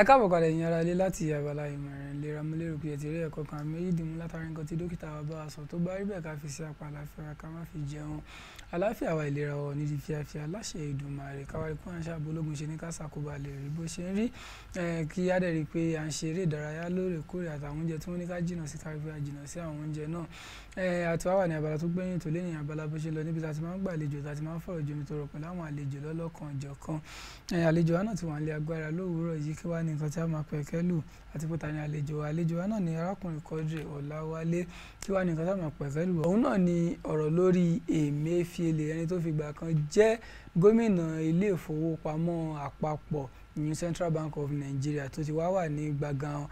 ẹ káàbọ̀ padà ẹ̀yin ará ilé láti abala ìmọ̀ ẹ̀rọ ìlera mo lérò pé ẹ ti rí ẹ̀kọ́ kan àmì méjì dìmú látara nǹkan tí dókítà wa bá wa sọ tó bá rí bẹ́ẹ̀ ká fi sí apá àlàáfíà wa ká má fi jẹun àlàáfíà wa ìlera wa ní di fíafíà láṣẹ Èdùmàrè káwa rí pé à ń ṣàbò ológun ṣe ní kásà kó ba lè rí bó ṣe ń rí kí á dẹ̀ rí i pé à ń ṣe eré ìdárayá lóòrèkóòrè àtàwọn oúnjẹ tí wọ́n ní ká jìnà sí ká jìnà sí àwọn oúnjẹ náà àti wàá wà ní abala tó gbẹ̀yìn tó lẹ́yìn abala bó ṣe lọ níbi tá a ti máa ń gbàlejò tá a ti máa ń fọ̀rọ̀ jomi tọrọ pẹ̀lú àwọn àlejò lọ́lọ́kan ọ̀jọ̀kan àlejò wa náà ti wà ní agbára lówùúrọ̀ yìí kí wàá ní nǹkan tí a máa pẹ̀kẹ́ lù àti pé ta ni àlejò wa àlejò wa náà ni arákùnrin Quadri Ọláwálé tí wàá ní nǹkan táwọn pẹ̀sẹ́lù òun náà ni ọ̀rọ̀ lórí Emefiele ẹni tó fìgbà kan jẹ́ gómìnà ilé ìfowópamọ́ àpapọ̀ ní Central Bank of Nigeria tó ti wá wà ní gbàngàn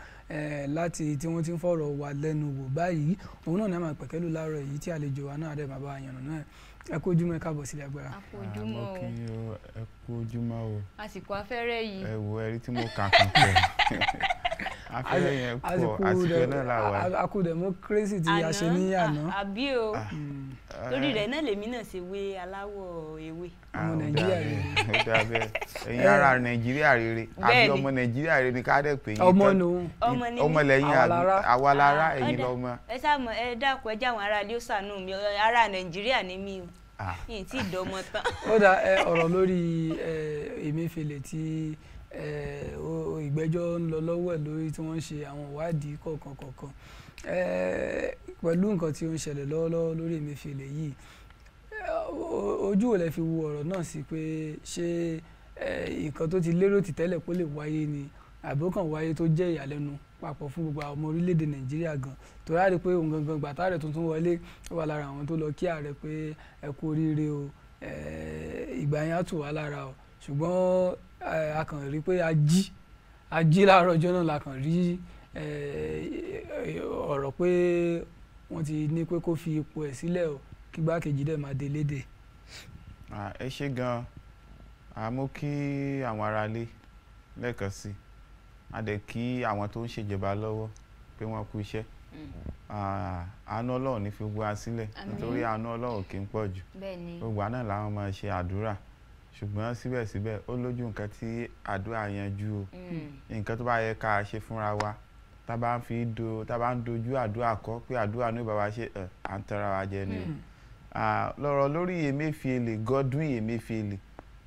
láti tí wọ́n ti ń fọ̀rọ̀ wà lẹ́nu wò báyìí òun náà ni àmọ̀ pẹ̀kẹ́lù láàárọ̀ èyí tí àlejò wa náà dẹ̀ máa bá náà ẹ kú ojúmọ́ ẹ káàbọ̀ sílẹ̀ agbára. a kú ojúmọ́ o ẹ kú ojúmọ́ o. àsìkò afẹ́rẹ́ yìí. ẹ wo ẹrí tí mo kà kàn pẹ̀. afẹ́rẹ́ yẹn pọ̀ àsìkò náà la wà. àkú democracy tí a ṣe ní àná. àbí o lórí ah. mm. rẹ̀ náà lèmi náà ṣe wé aláwọ̀ ewé. ọmọ ah, nàìjíríà rere. ó dà bẹ́ẹ̀ ẹ̀yin ara nàìjíríà rere àbí ọmọ nàìjíríà rere ni ká dẹ̀ pé yín tán ọmọ nù ọmọ lẹ́yìn àwa lára ah, ẹ̀yin lọ́mọ. ẹ sáàmù ẹ dákun ẹ jáwọn ará ilé ó ṣàánú mi ará nàìjíríà ni mí o yìí tí ìdọ́mọ tán. ó dà ọ̀rọ̀ lórí Emefiele tí ìgbẹ́jọ́ ń lọ lọ́wọ́ ẹ̀ lórí tí wọ́n ń ṣe àwọn ìwádìí kọ̀ọ̀kan kọ̀ọ̀kan pẹ̀lú nǹkan tí ó ń ṣẹlẹ̀ lọ́wọ́lọ́wọ́ lórí Emefiele yìí ojú ò lè fi wo ọ̀rọ̀ náà sí pé ṣé nǹkan tó ti lérò ti tẹ́lẹ̀ kó lè wáyé ni àbí ó kàn wáyé tó jẹ́ ìyàlẹ́nu papọ̀ fún gbogbo àwọn ọmọ orílẹ̀-èdè nàìjíríà gan tó ráàrí pé òun gangan gbàtà rẹ̀ tuntun wọlé ó wà lára àwọn tó lọ kí ààrẹ pé ẹ kú oríire o ìgbà yẹn á tù wá lára o ṣùgbọ́n Eh, a kàn rí pé a jí a jí láàárọ̀ ọjọ́ náà la kàn rí eh, ọ̀rọ̀ pé wọ́n ti ní pé kó fi ipò ẹ̀ sílẹ̀ o kí gbákejì dẹ̀ máa delédè. ẹ ṣe gan-an àmọ́ kí àwọn aráalé lẹ́ẹ̀kan sí i a dẹ̀ kí àwọn tó ń ṣèjọba lọ́wọ́ pé wọ́n kú iṣẹ́ àánú ọlọ́run ní fi gbọ́ wa sílẹ̀ nítorí àánú ọlọ́run kì í pọ̀ jù gbogbo àná làwọn máa ṣe àdúrà ṣùgbọ́n síbẹ̀síbẹ̀ ó lójú nǹkan tí àdúrà yanjú o mm. nǹkan tó bá yẹ ká ṣe fúnra wa tá bá ń fi do tá bá ń dojú àdúrà kọ pé àdúrà ní bàbá ṣe ẹ à ń tara wa jẹ ni mm. lọ́rọ̀ lórí Emefiele Godwin Emefiele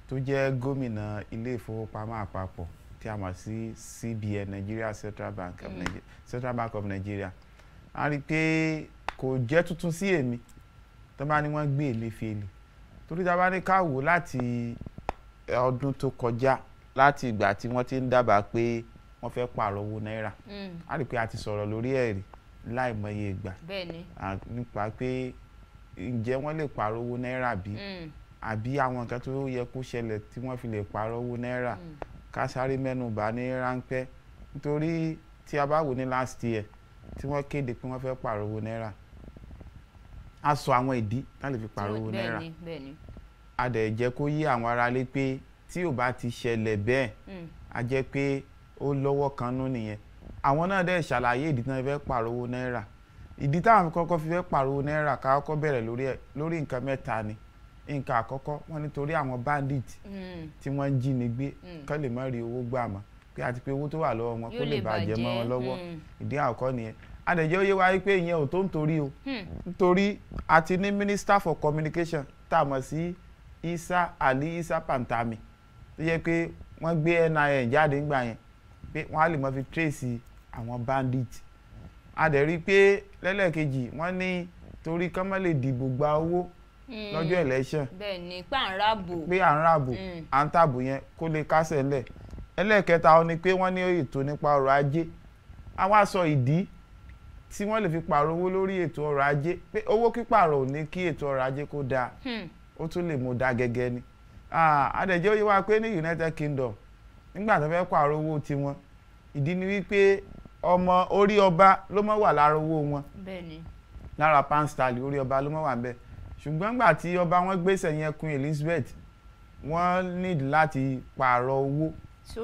tó jẹ́ gómìnà ilé ìfowópamọ́ àpapọ̀ tí a mọ̀ sí CBN Nigeria Central Bank of mm. Nigeria Central Bank of Nigeria a rí i pé kò jẹ́ tuntun sí èmi tó bá ní wọ́n gbé Emefiele torí tá a bá ní ká wò láti ọdún tó kọjá láti ìgbà tí wọ́n ti ń dábàá pé wọ́n fẹ́ pààrọ̀ owó náírà á hmm. rí i pé a ti sọ̀rọ̀ lórí ẹ̀rí láìmọye ìgbà nípa pé ǹjẹ́ wọ́n lè pààrọ̀ owó náírà bí hmm. àbí àwọn nǹkan tó yẹ kó ṣẹlẹ̀ tí wọ́n fi lè pààrọ̀ owó náírà hmm. ká sáré mẹ́nubà ní ráńpẹ́ nítorí tí a bá wò ní last year tí wọ́n kéde pé wọ́n fẹ́ pààrọ̀ owó náírà a sọ àwọn ìdí tá lè fi pààrọ̀ owó náírà a dẹ̀ jẹ́ kó yí àwọn aráalé pé tí ò bá ti ṣẹlẹ̀ bẹ́ẹ̀ hmm. a jẹ́ pé ó lọ́wọ́ kan nú nìyẹn àwọn náà dẹ̀ ṣàlàyé ìdí tí wọ́n fẹ́ pààrọ̀ náírà ìdí táwọn kọ́kọ́ fi fẹ́ pààrọ̀ náírà ká kọ́kọ́ bẹ̀rẹ̀ lórí nǹkan mẹ́ta ni nǹkan àkọ́kọ́ wọ́n nítorí àwọn bandit hmm. tí wọ́n ń jí ni gbé hmm. kán lè má rí owó gbà mọ́ pé àti pé owó tó wà lọ́wọ́ wọn kó lè bàjẹ́ mọ́ wọn lọ́wọ́ ìdí àkọ́kọ́ nìyẹn adẹ̀jẹ́ oyé wa pé ìyẹn ò tó ń torí o hmm. nítorí a ti ní minister for communication tá a mọ̀ sí Isa Ali Isa Pantami tó yẹ pé wọ́n gbé NIN jáde ńgbà yẹn pé wọ́n á lè mọ fi trace àwọn bandit adẹ̀rí pé lẹ́lẹ́kejì wọ́n ní torí kán má lè dìbò gba owó hmm. lọ́jọ́ election bẹ́ẹ̀ ni pé à ń ràbò pé hmm. à ń tàbò yẹn kó lè kásẹ̀ ńlẹ̀ ẹlẹ́ẹ̀kẹta ọ ni pé wọ́n ní ètò nípa ọrọ̀ ajé a wá sọ ìdí tí wọ́n lè fi pààrọ̀ owó lórí ètò ọrọ̀ ajé pé owó pípààrọ̀ ò ní kí ètò ọrọ̀ ajé kó dáa hmm. ó tún lè mú dáa gẹ́gẹ́ ni adẹ̀jẹ́ oyè wa pé ní United Kingdom nígbà tó fẹ́ pààrọ̀ owó tiwọn ìdí ni wípé ọmọ orí ọba ló mọ́ wà lára owó wọn lára pound sterling orí ọba ló mọ́ wà bẹ́ẹ̀ ṣùgbọ́n nígbà tí ọba wọn gbèsè yẹn kun Elizabeth wọ́n need láti pààrọ̀ owó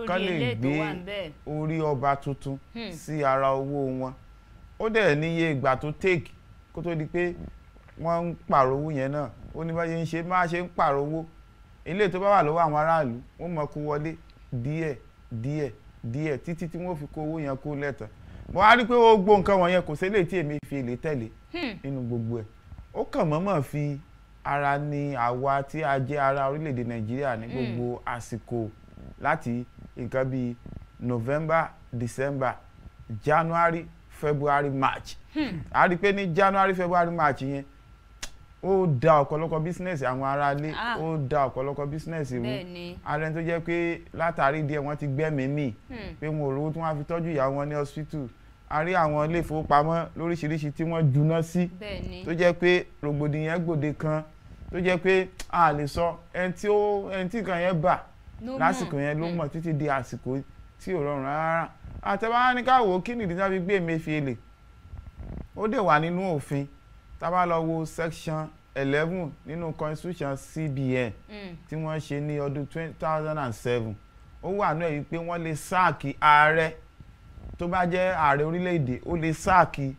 kán lè gbé orí ọba tuntun hmm. sí ara owó wọn ó dẹ̀ níye ìgbà tó take kó tó di pé wọ́n ń pààrọ̀ owó yẹn náà ó ní bá ṣe ń ṣe má ṣe ń pààrọ̀ owó ilé tó bá wà lọ́wọ́ àwọn aráàlú wọ́n mọ̀ kó wọlé díẹ̀ díẹ̀ díẹ̀ títí tí wọ́n fi kó owó yẹn kó lẹ́tàn mo wá rí pé ó gbó nǹkan wọ̀nyẹn kò sí eléyìí tí èmi fi lè tẹ̀lé hmm. nínú gbogbo ẹ̀ ó kàn mọ́mọ́ fi ara ni àwa tí a jẹ́ ara orílẹ̀-èdè nàìjíríà ní hmm. gbogbo àsìkò láti nǹkan bíi november december january february march hmm. a rí i pé ní january february march yẹn ó da ọ̀pọ̀lọpọ̀ business àwọn ará ilé ah. ó da ọ̀pọ̀lọpọ̀ business rú ara ẹni tó jẹ́ pé látàrí díẹ̀ wọ́n ti gbẹ́mìí mì hmm. pé wọn ò rówó tí wọ́n á fi tọ́jú ìyá wọn ní hospital a rí àwọn ilé ìfowópamọ́ lóríṣiríṣi tí wọ́n juná sí tó jẹ́ pé rògbòdìyàn gbòde kan tó jẹ́ pé a lè sọ ẹni tí nǹkan yẹn bà lásìkò yẹn ló hmm. mọ̀ títí di àsìkò tí ò rọrùn rárá àtẹ̀bá ní ká wò ó kí nìdí tá fi gbé Emefiele ó dè wà nínú òfin tá bá lọ wo section eleven nínú constitution CBN hmm. tí wọ́n ṣe ní ọdún two thousand and seven ó wà ní èyí pé wọ́n lè sáàkì ààrẹ tó bá jẹ́ ààrẹ orílẹ̀-èdè ó lè sáàkì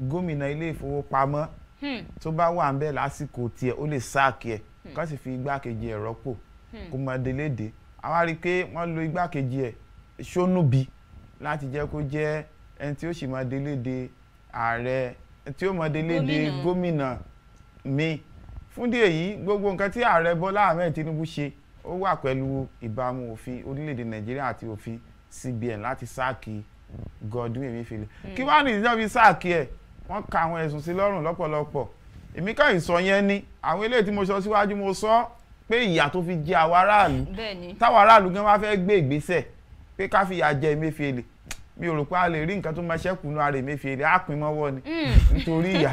gómìnà ilé ìfowópamọ́ hmm. tó bá wà ń bẹ̀ lásìkò tiẹ̀ ó lè sáàkì ẹ̀ hmm. kó sì fi igbákejì ẹ̀ rọ́pò kó mọ délédé àwa rí i pé wọ́n lo igbákejì ẹ̀ ṣónúbi láti jẹ́ kó jẹ́ ẹni tí ó sì máa délédè ààrẹ tí ó máa délédè gómìnà mi fúndì èyí gbogbo nǹkan tí ààrẹ Bọ́lá Ahmed Tinubu ṣe ó wà pẹ̀lú ìbámu òfin orílẹ̀-èdè Nàìjíríà àti òfin CBN láti sáàkì Godwin Emefiele hmm. kí wàá nìyí náà fi sáàkì ẹ̀ wọ́n ka àwọn ẹ̀sùn sí lọ́rùn lọ́pọ̀lọpọ̀ èmi kàn ìsọ yẹn ni àwọn eléyìí tí mo sọ síwájú mo sọ pé ìyà tó fi jẹ àwọn aráàlú táwọn aráàlú gan wá fẹ́ gbé ìgbésẹ̀ pé ká fìyà jẹ Emefiele mi ò rò pé a lè rí nǹkan tó máa ṣẹ́kù nú ara Emefiele á pin mọ́wọ́ ni hmm. nítorí ìyà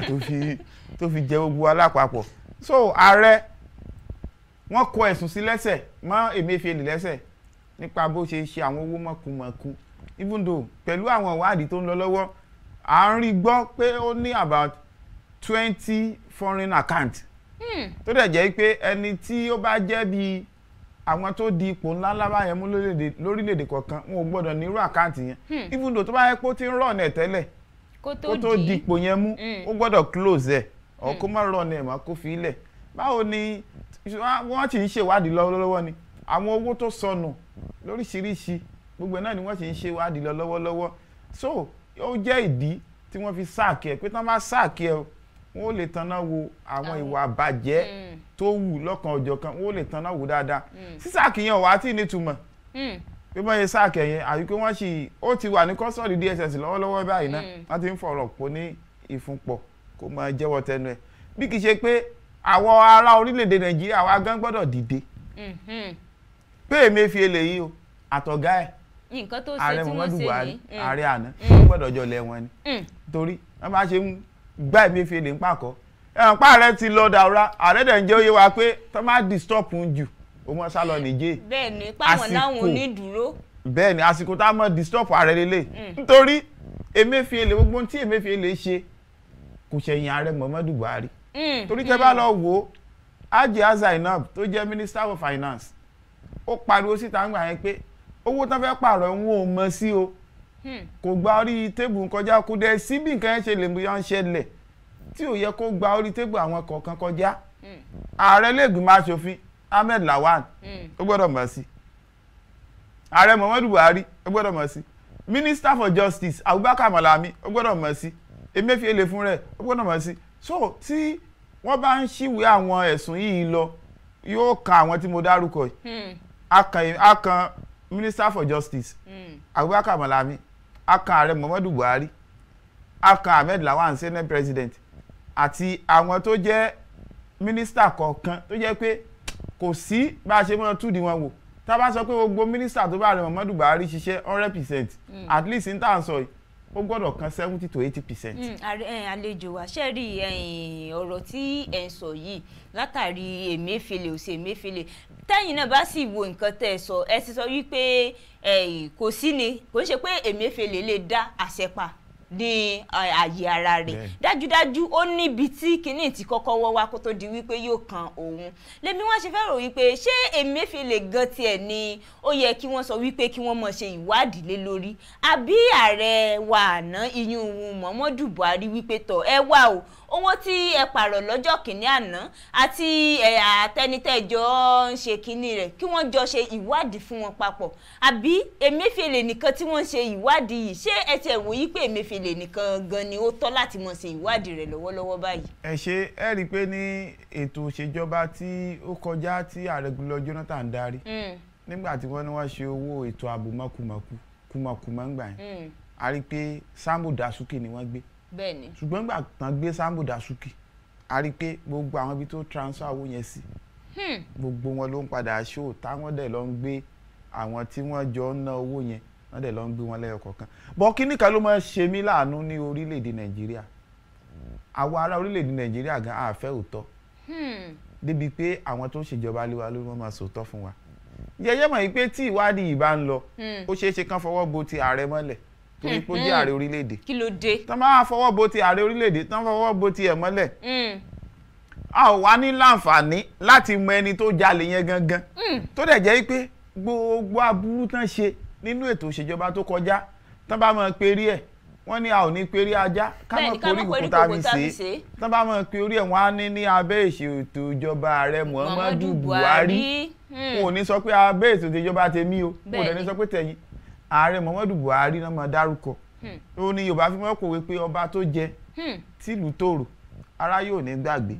tó fi jẹ gbogbo alápapọ̀ so ààrẹ wọ́n kọ ẹ̀sùn sí lẹ́sẹ̀ mọ́ Emefiele lẹ́sẹ̀ nípa bó ṣe ṣe àwọn owó mọ̀kùmọ̀kù even though pẹ̀lú àwọn ìwádìí tó ń lọ lọ́wọ́ à ń rí gbọ́ pé ó ní about twenty foreign account hmm. tó dẹ̀ jẹ́ pé ẹni tí ó bá jẹ́ bíi àwọn tó di ipò ńlá ńlá báyẹn mú lórílẹ̀‐èdè kọ̀ọ̀kan wọn ò gbọ́dọ̀ nírú àkáǹtì yẹn hmm. even though tó bá yẹ pé ó ti ń rọ̀nà ẹ̀ tẹ́lẹ̀ kó tó di ipò yẹn mú hmm. ó gbọ́dọ̀ close ẹ̀ ọ̀ hmm. kó má rọ̀nà ẹ̀ má kó fi ilẹ̀ báwo ni wọ́n ti ń ṣèwádìí lọ́wọ́lọ́wọ́ ni àwọn owó tó sọnù lóríṣiríṣi gbogbo náà ni wọ́n ti ń ṣèwádìí lọ́wọ́lọ́wọ́ so ó jẹ́ ìdí tí wọ́n fi sáàkì ẹ̀ pé tán bá sáàkì ẹ̀ o wọn ò lè tanná wo àwọn ìwà àbàjẹ́ hmm. tó wù lọ́kàn ọjọ́ kan wọn ò lè tanná wo dáadáa sísáàkì hmm. yẹn wà á tì nítumọ̀ hmm. bí wọ́n yẹ sáàkì yẹn àbí pé wọ́n sì ó ti wà ní kọ́sọ̀rì DSS lọ́wọ́lọ́wọ́ báyìí náà wọ́n ti ń fọ̀rọ̀ pọ̀ ní ìfúnpọ̀ kó máa jẹ́wọ́ tẹnu ẹ̀ bí kì í ṣe pé àwọn ará orílẹ̀-èdè Nàìjíríà wa gan gbọ́dọ̀ dìde pé Emefiele yìí o àtọ̀gá ẹ̀ nǹkan tó ṣe tí wọ́n ṣe ní ààrẹ Muhammadu àná ó gbọ́dọ̀ jọ lẹ́wọ̀n ni torí wọ́n bá ṣe ń gbá Emefiele ń pàkọ́ ẹ̀ǹpá rẹ ti lọ dàrúra ààrẹ dẹ̀ ń jẹ́ oyé wa pé tó má disturb ń jù ó mọ sá lọ nìjẹ́ bẹ́ẹ̀ni páwọn láwọn onídùúró bẹ́ẹ̀ni àsìkò tá a mọ disturb ààrẹ lélẹ̀ mm. nítorí Emefiele gbogbo tí Emefiele ṣe kò ṣẹ̀yìn ààrẹ Muhammadu Buhari mm, torí tẹ́ bá mm. lọ wò ó Hajia Zainab tó jẹ́ minister of finance ó pariwo síta ń gbà yẹn pé owó tán fẹ́ pààrọ̀ ń wò ó mọ sí o. Mm Hmm. kò gba orí tébù kọjá kò dẹ̀ sí bí nǹkan yẹn ṣe lè bóyá ń ṣẹlẹ̀ tí ò yẹ kó gba orí tébù àwọn kọ̀ọ̀kan kọjá hmm. ààrẹ lẹ́gbìmọ̀ aṣòfin Ahmed Lawan hmm. ó gbọ́dọ̀ mọ̀ sí ààrẹ Muhammadu Buhari ó gbọ́dọ̀ mọ̀ sí minister for justice Abubakar Malami ó gbọ́dọ̀ mọ̀ sí Emefiele fúnra ẹ̀ ó gbọ́dọ̀ mọ̀ sí so tí wọ́n bá ń ṣíwèé àwọn ẹ̀sùn yìí lọ yóò kan àwọn tí mo dárúkọ yìí a minister for justice Abubakar Malami akan ààrẹ muhammadu buhari akan ahmed lawan senate president àti àwọn tó jẹ́ mínísítà kọ̀ọ̀kan tó jẹ́ pé kò sí bá a ṣe mọ́ túdi wọn wò tá a bá sọ pé gbogbo mínísítà tó bá ààrẹ muhammadu buhari ṣiṣẹ́ hundred percent hmm. at least n tà ń sọ yìí ó gbọ́dọ̀ kan seventy to eighty percent. Hmm, àlejò wa ṣe rí ọ̀rọ̀ tí ẹ̀ ń sọ yìí látàrí èmẹ́fẹ́lẹ́ òsì èmẹ́fẹ́lẹ́ tẹ́yìn náà bá sì wo nǹkan tẹ́ ẹ sọ ẹ sì sọ wípé kò sí ni kò ń ṣe pé Emefiele lè dá àṣẹ pa ní ààyè ara rẹ̀ dájúdájú ó níbi tí kinní ti kọ́kọ́ wọ́ wá kó tó di wípé yóò kan òun lèmi wọ́n ṣe fẹ́ràn wípé ṣé Emefiele gan tiẹ̀ ni ó yẹ kí wọ́n sọ wípé kí wọ́n mọ̀ ṣe ìwádìí lé lórí àbí ààrẹ wa àná iyún Muhammadu Buhari wípé tọ̀ ẹ wà o owó tí ẹ pààrọ̀ lọ́jọ́ kìíní àná àti àtẹnitẹ́jọ́ ń ṣe kìíní rẹ̀ kí wọ́n jọ ṣe ìwádìí fún wọn papọ̀ àbí Emefiele nìkan tí wọ́n ń ṣe ìwádìí yìí ṣé ẹ ti ẹ̀ wòye pé Emefiele nìkan gan ni ó tọ́ láti mọ̀ ṣe ìwádìí rẹ̀ lọ́wọ́lọ́wọ́ báyìí. ẹ ṣe ẹ rí i pé ní ètò òṣèjọba tí ó kọjá tí ààrẹ Goodluck Jonathan darí hmm. nígbà tí wọ́n ní wọ́n ṣe owó ètò ààbò mọkùmọkù kùmọkùmọ ń gbà yẹn hmm. a rí i pé Sambo Dasuki ni wọ́n gbé bẹ́ẹ̀ni ṣùgbọ́n nígbà tán gbé Sambo Dasuki a rí i pé gbogbo àwọn ibi tó transfer owó yẹn sí hmm. gbogbo wọn ló ń padà ṣó táwọn dẹ̀ lọ ń gbé àwọn tí wọ́n jọ ń ná owó yẹn wọ́n dẹ̀ lọ ń gbé wọn lẹ́yọ kọ̀ọ̀kan bọ́ kíní kan ló máa ń ṣe mí láàánú ní orílẹ̀-èdè Nàìjíríà àwa ará orílẹ̀-èdè Nàìjíríà gan a òótọ́ hmm. débi pé àwọn tó ń ṣèjọba lé ló máa sòótọ́ fún wa yẹyẹ mọ̀ yìí pé tí ìwádìí yìí torí pé ó jẹ́ hmm, hmm. ààrẹ orílẹ̀-èdè. kí ló dé. tán bá fọwọ́ bo ti ààrẹ orílẹ̀-èdè tán fọwọ́ bo ti ẹ̀ mọ́lẹ̀. Hmm. a ò wá ní láǹfààní láti mọ ẹni tó jalè yẹn gangan. tó dẹ̀ jẹ́ pé gbogbo aburú tán ṣe nínú ètò ìṣèjọba tó kọjá tán bá mọ̀ pé rí ẹ̀ wọ́n ní a ò ní pe orí ajá ká mọ̀ pé orí kòkòtà mi ṣe é tán bá mọ̀ pé orí ẹ̀ wọ́n á ní ní abẹ́ ìṣètò ìjọba ààrẹ Muhammadu Buhari wọn ò ní sọ pé abẹ́ ìṣètò ìjọba tèmi o wọn ò dẹ̀ ní sọ pé tẹ̀yìn ààrẹ muhammadu buhari náà máa dárúkọ hmm. ó ní yorùbá fi mọ́kò wípé ọba tó jẹ hmm. tìlú tòrò ara yóò ní gbàgbé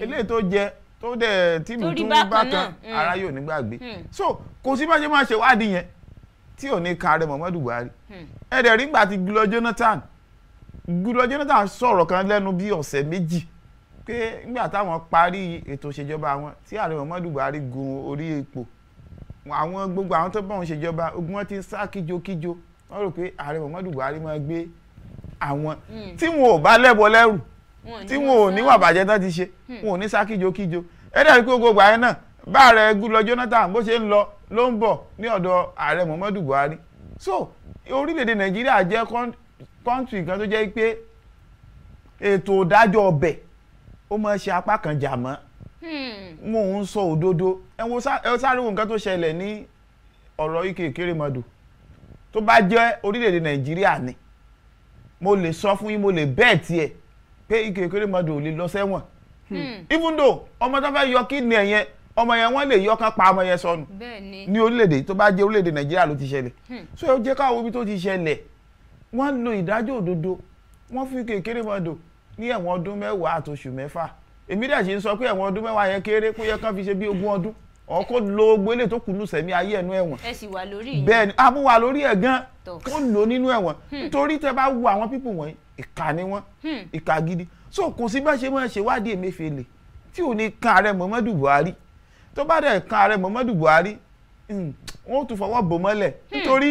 eléyìí tó jẹ tó dẹ̀ tìlú tún bákan hmm. ara yóò ní gbàgbé so kò sí bá ṣe máa ṣèwádìí yẹn tí ò ní kan ààrẹ muhammadu buhari ẹ̀ẹ́dẹ̀ rí gbà tí gulọ jonathan gulọ jonathan sọ̀rọ̀ kan lẹ́nu bí ọ̀sẹ̀ méjì pé nígbà táwọn parí ètò ìṣèjọba wọn tí ààrẹ muhammadu buhari gun orí ipò àwọn gbogbo àwọn tó bá wọn ṣèjọba ogun wọn ti sá kíjokíjo wọn rò pé ààrẹ Muhammadu Buhari máa gbé àwọn hmm. tí wọn ò bá lẹ́bọ lẹ́rù tí wọn ò níwà bàjẹ́ tán ti ṣe hmm. wọn ò ní sá kíjokíjo ẹ dàbí pé gbogbo ààrẹ náà bá ààrẹ gúlọ Jonathan bó ṣe ń lọ ló ń bọ̀ ní ọ̀dọ̀ ààrẹ Muhammadu Buhari so orílẹ̀-èdè Nàìjíríà jẹ́ kọ́ńtì kan tó jẹ́ pé ètò ìdájọ́ ọbẹ̀ ó máa ṣe apá kan jà mọ́ Hmm. mo ń sọ òdodo ẹ wo sáré nǹkan tó ṣẹlẹ̀ ní ọ̀rọ̀ ike ìkérémọdò tó bá jẹ́ orílẹ̀-èdè nàìjíríà ni mo lè sọ fún yín mo lè bẹ́ẹ̀ tiẹ̀ pé ike ìkérémọdò ò lè lọ sẹ́wọ̀n hmm. even though ọmọ tó fẹ́ yọ kíni ẹ̀yẹn ọmọ yẹn wọ́n lè yọ kán pa ọmọ yẹn sọnù ní orílẹ̀-èdè tó bá jẹ́ orílẹ̀-èdè nàìjíríà ló ti ṣẹlẹ̀ hmm. so ẹ jẹ́ káwọn ibi tó ti ṣẹlẹ̀ wọ́n lo ìdájọ́ òdodo wọ́n fi ike ìkérémọdò ní ẹ̀wọ̀n ọdún mẹ́wàá àtòṣù mẹ́fà èmi dẹ̀ sì ń sọ pé ẹ̀wọ̀n ọdún mẹ́wàá yẹn kéré kó yẹ kán fi ṣe bí ogún ọdún ọkọ lo gbélé tó kùnú sẹ̀mí ayé ẹ̀nu ẹ̀wọ̀n ẹ sì wà lórí yìí bẹ́ẹ̀ ni a mú wa lórí ẹ̀ gan ó lò nínú ẹ̀wọ̀n hmm. nítorí tẹ bá wo àwọn pípù wọ̀nyí ìkà ni wọ́n hmm. ìkà gidi so kò sí bá ṣe máa ṣèwádìí Emefiele tí ò ní kan ààrẹ Muhammadu Buhari tó bá dẹ̀ kan ààrẹ Muhammadu Buhari hmm, wọ́n tún fọwọ́ bò mọ́lẹ̀ nítorí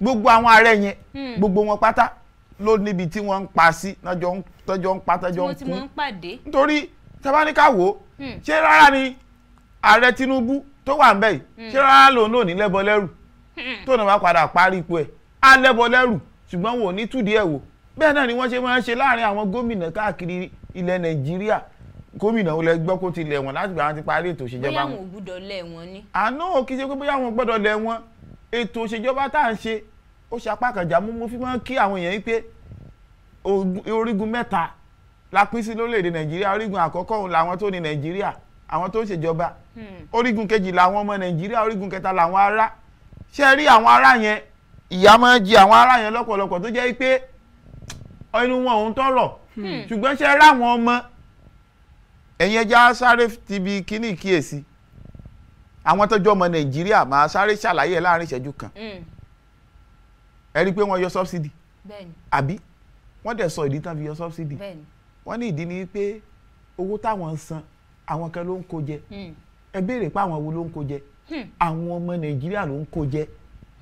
gbogbo àwọn ààrẹ yẹn gbogbo wọn pátá ló níbi tí wọ́n ń pa sí tọ́jọ́ ń pa tọ́jọ́ ń kú. tí wọ́n ti mọ̀ ń pàdé. nítorí tabaníkà hmm. ṣé rárá ni ààrẹ Tinubu tó wà ńbẹ̀ yìí hmm. ṣé rárá lòun náà ní lẹ́bọ lẹ́rù hmm. tó náà bá padà parí ipò ẹ̀ á lẹ́bọ lẹ́rù ṣùgbọ́n wò ní túdí ẹ̀ wò bẹ́ẹ̀ náà ni wọ́n ṣe máa ń ṣe láàrin àwọn gómìnà káàkiri ilẹ̀ Nàìjíríà gómìnà olè gbọ́ kó ti lẹ̀ wọ́n láti gbà wọ́n ti parí ètò ìṣèjọba wọn. bóyá àwọn ò gbọ́dọ̀ lẹ̀ wọ́n ni. àná kì í ṣe pé bóyá àwọn gbọ́dọ̀ lẹ̀ wọ́n ètò ìṣèjọba tá à ń ṣe ó ṣe apá kan jà mú mo fi máa ń kí àwọn èèyàn yìí pé orígun mẹ́ta la pín sí lórílẹ̀‐èdè nàìjíríà orígun àkọ́kọ́ òun làwọn tó ní nàìjíríà àwọn tó ń ṣèjọba hmm. orígun kejì làwọn ọmọ nàìjíríà orígun kẹta làwọn ará ṣé rí àwọn ará yẹn ìyà máa ń jẹ àwọn ará yẹn lọ́pọ̀lọpọ̀ tó jẹ́ pé inú wọn òun tọrọ hmm. hmm. ṣùgbọ́n ṣe ráwọn ọmọ ẹ̀yin ẹja sáré ti bi kíní ìkíyèsí àwọn tó ọmọ nàìjíríà máa sáré ṣàlàyé láàrin ìṣẹ́jú kan. Mm ẹ rí i pé wọ́n yọ subsidy àbí wọ́n dẹ̀ sọ ìdí tán fi yọ subsidy wọ́n ní ìdí ni pé owó táwọn ń san àwọn kan ló ń kó jẹ hmm. ẹ béèrè pé àwọn wo ló ń kó jẹ hmm. àwọn ọmọ nàìjíríà ló ń kó jẹ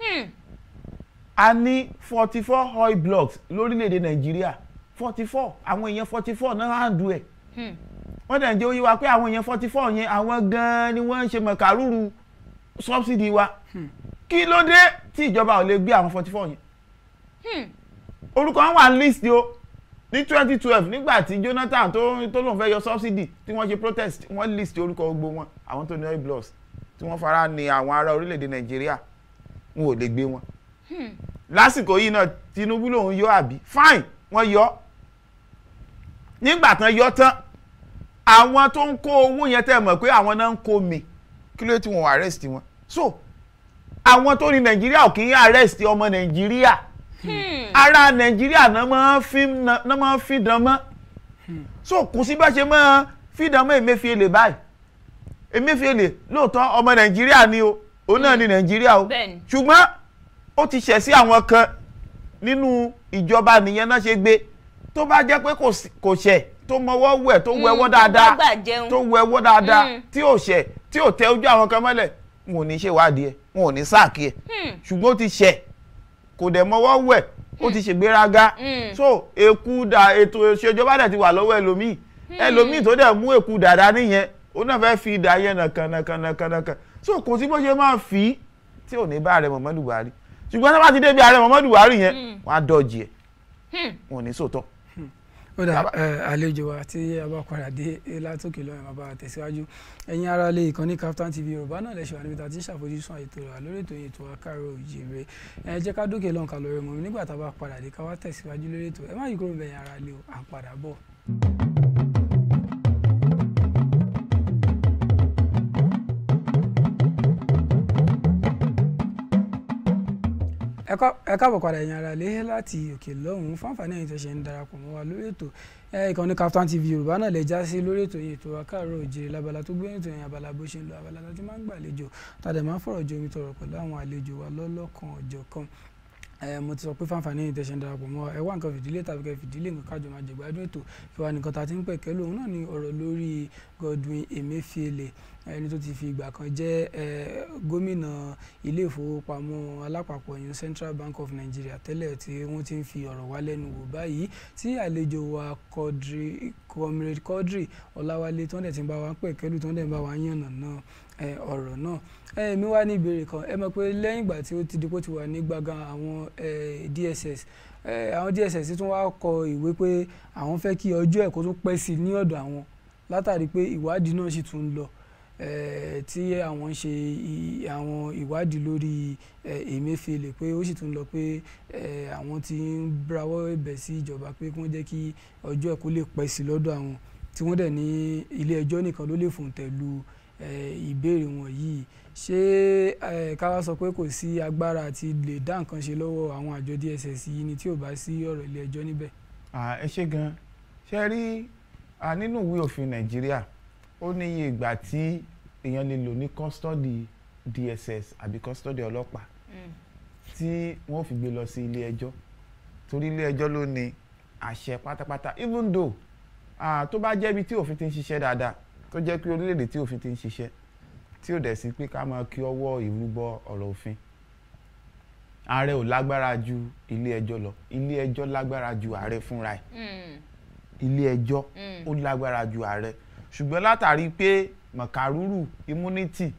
hmm. a ní forty four oil blocks lórílẹ̀‐èdè nàìjíríà forty four àwọn èèyàn forty four náà hàn dùn ẹ̀ wọ́n dẹ̀ ń jẹ́ oyé wa pé àwọn èèyàn forty four yẹn àwọn gan-an ni wọ́n ń ṣe mọ̀kàrúrú subsidy wa. Hmm kí ló dé tí ìjọba ò lè gbé àwọn forty four yẹn hmm. orúkọ wọn wà list o ní twenty twelve nígbà tí Jonathan tó tó lóun fẹ́ yọ subsidy tí wọ́n ṣe protest wọ́n list orúkọ gbogbo wọn àwọn tó ní oil blocks tí wọ́n fara ni àwọn ará orílẹ̀-èdè Nàìjíríà n ò lè gbé wọn hmm. lásìkò yìí náà Tinubu lòun yọ àbí fine wọ́n yọ nígbà tán yọ tán àwọn tó ń kó owó yẹn tẹ̀ mọ̀ pé àwọn náà ń kó mi kí ló tí wọ́n arrest wọn so àwọn tó ní nàìjíríà ò kì í arrest ọmọ nàìjíríà hmm. ará nàìjíríà náà máa ń fìdán mọ́ hmm. so kò sí bá ṣe máa fìdán mọ́ Emefiele báyìí Emefiele lóòótọ́ ọmọ nàìjíríà ni o òun náà ni hmm. nàìjíríà o ṣùgbọ́n ó ti ṣẹ̀ sí àwọn kan nínú ìjọba nìyẹn náà ṣe gbé tó bá jẹ́ pé kò ṣẹ̀ tó mọwọ́ wẹ̀ tó wẹ̀wọ́ dáadáa tó wẹ̀wọ́ dáadáa tí ò ṣẹ̀ tí ò tẹ ojú àwọn kan mọ́lẹ̀ wọn ò ní ṣèwádìí ẹ wọn ò ní sáàkì ẹ hmm. ṣùgbọ́n ó ti ṣẹ̀ kò dẹ̀ mọ́wọ́ wẹ̀ ó ti hmm. ṣègbéraga hmm. so èkú da ètò ìṣèjọba dẹ̀ ti wà lọ́wọ́ ẹlòmíì ẹlòmíì tó dẹ̀ mú èkú dàda nìyẹn ó náà fẹ́ fi ìdá yẹn nàkànnàkànnàkànnàkàn so kò sí bó ṣe máa fi tí ò ní bá ààrẹ Muhammadu Buhari ṣùgbọ́n tí wọ́n bá ti débi ààrẹ Muhammadu Buhari yẹn wọ́n á dọ̀jì ẹ̀ wọn ò ní sòótọ́ ó dà àlejò wa tí a bá padà dé látòkè lọ́yìn bàbá tẹ̀síwájú ẹ̀yin ará lè ìkànnì Kaftan TV yorùbá náà lẹ́sẹ̀ wà níbi tá a ti ń ṣàfojúsùn ètò rà lórí ètò ètò Àkàròòjíire ẹ jẹ́ ká dókè lọ́nkà lórí ọmọ mi nígbà tá a bá padà dé ká wá tẹ̀síwájú lórí ètò ẹ má yí kúrò bẹ̀yìn ará lè à ń padà bọ̀. ẹ káàbọ̀ padà ẹ̀yin ará lé láti òkè lọ́hùn-ún fáǹfààní ẹ̀yin tó ṣe ń darapọ̀ mọ́ wa lórí ètò ìkànnì Kaftan TV Yorùbá náà lè já sí lórí ètò yìí ètò Káàárọ̀ Oòjíire labala tó gbé ètò yẹn abala bó ṣe ń lọ abala tó ti máa ń gbàlejò tàdé máa ń fọ̀rọ̀ jomi tọ̀rọ̀ pẹ̀lú àwọn àlejò wa lọ́lọ́kan ọ̀jọ̀kan mo ti sọ pé fáǹfààní yìí tẹ̀sán darapọ̀ mọ́ ẹ wá nǹkan fìdílé tàbí kẹ́ fìdílé nǹkan kájọ máa jẹ̀gbádùn ètò ìwà nìkan tá a ti ń pẹ̀kẹ́ lòun náà ni ọ̀rọ̀ lórí Godwin Emefiele ẹni tó ti fi ìgbà kan jẹ́ gómìnà ilé ìfowópamọ́ alápapọ̀ yun Central Bank of Nigeria tẹ́lẹ̀ tí wọ́n ti ń fi ọ̀rọ̀ wá lẹ́nu wò báyìí tí àlejò wa Comrade Quadri Ọláwálé tó ń ti bá wa pẹ̀kẹ́lù tó ń dẹ̀ bá wa yànnà náà ọ̀rọ̀ náà èmi wá ní ìbéèrè kan ẹ mọ̀ pé lẹ́yìn ìgbà tí ó ti di pé ó ti wà ní gbàngàn àwọn DSS àwọn DSS tún wá kọ ìwé pé àwọn fẹ́ kí ọjọ́ ẹ̀kọ́ tó pẹ́ sí ní ọ̀dọ̀ àwọn látàrí pé ìwádìí náà sì tún ń lọ tí àwọn ṣe àwọn ìwádìí lórí Emefiele pé ó sì tún lọ pé àwọn ti ń brawọ́ ẹ̀bẹ̀ sí ìjọba pé kí wọ́n jẹ́ kí ọjọ́ ẹ̀kọ́ lè pẹ́ sí lọ́dọ̀ àwọn tí wọ́n dẹ̀ ní ilé ẹjọ́ nìkan ló lè fòǹtẹ̀ lu ìbéèrè wọ̀nyí ṣé ká wá sọ pé kò sí agbára àti lè dá nǹkan ṣe lọ́wọ́ àwọn àjọ DSS yìí ni tí ò bá sí ọ̀rọ̀ ilé ẹjọ́ níbẹ̀. ẹ ṣe gan ṣe rí nínú ìwé òfin Nàìjíríà ó ní iye ìgbà tí èèyàn lè lò ní kọ́sítọ́dì DSS àbí kọ́sítọ́dì ọlọ́pàá hmm. tí wọ́n fi gbé lọ sí ilé ẹjọ́ torí ilé ẹjọ́ ló ní àṣẹ pátápátá even though tó bá jẹ́ ibi tí òfin ti ń ṣiṣẹ́ dáadáa tó jẹ́ pé orílẹ̀-èdè tí òfin ti ń ṣiṣẹ́ tí ò dẹ̀ sí pé ká máa kí ọwọ́ ìrúbọ ọ̀rọ̀ òfin ààrẹ ò lágbára ju ilé ẹjọ́ lọ ilé ẹjọ́ lágbára ju ààrẹ fúnra ẹ̀ hmm. ilé ẹjọ́ hmm. ó lágbára ju ààrẹ ṣùgbọ́n látàrí pé mọ̀kàrúrù immunity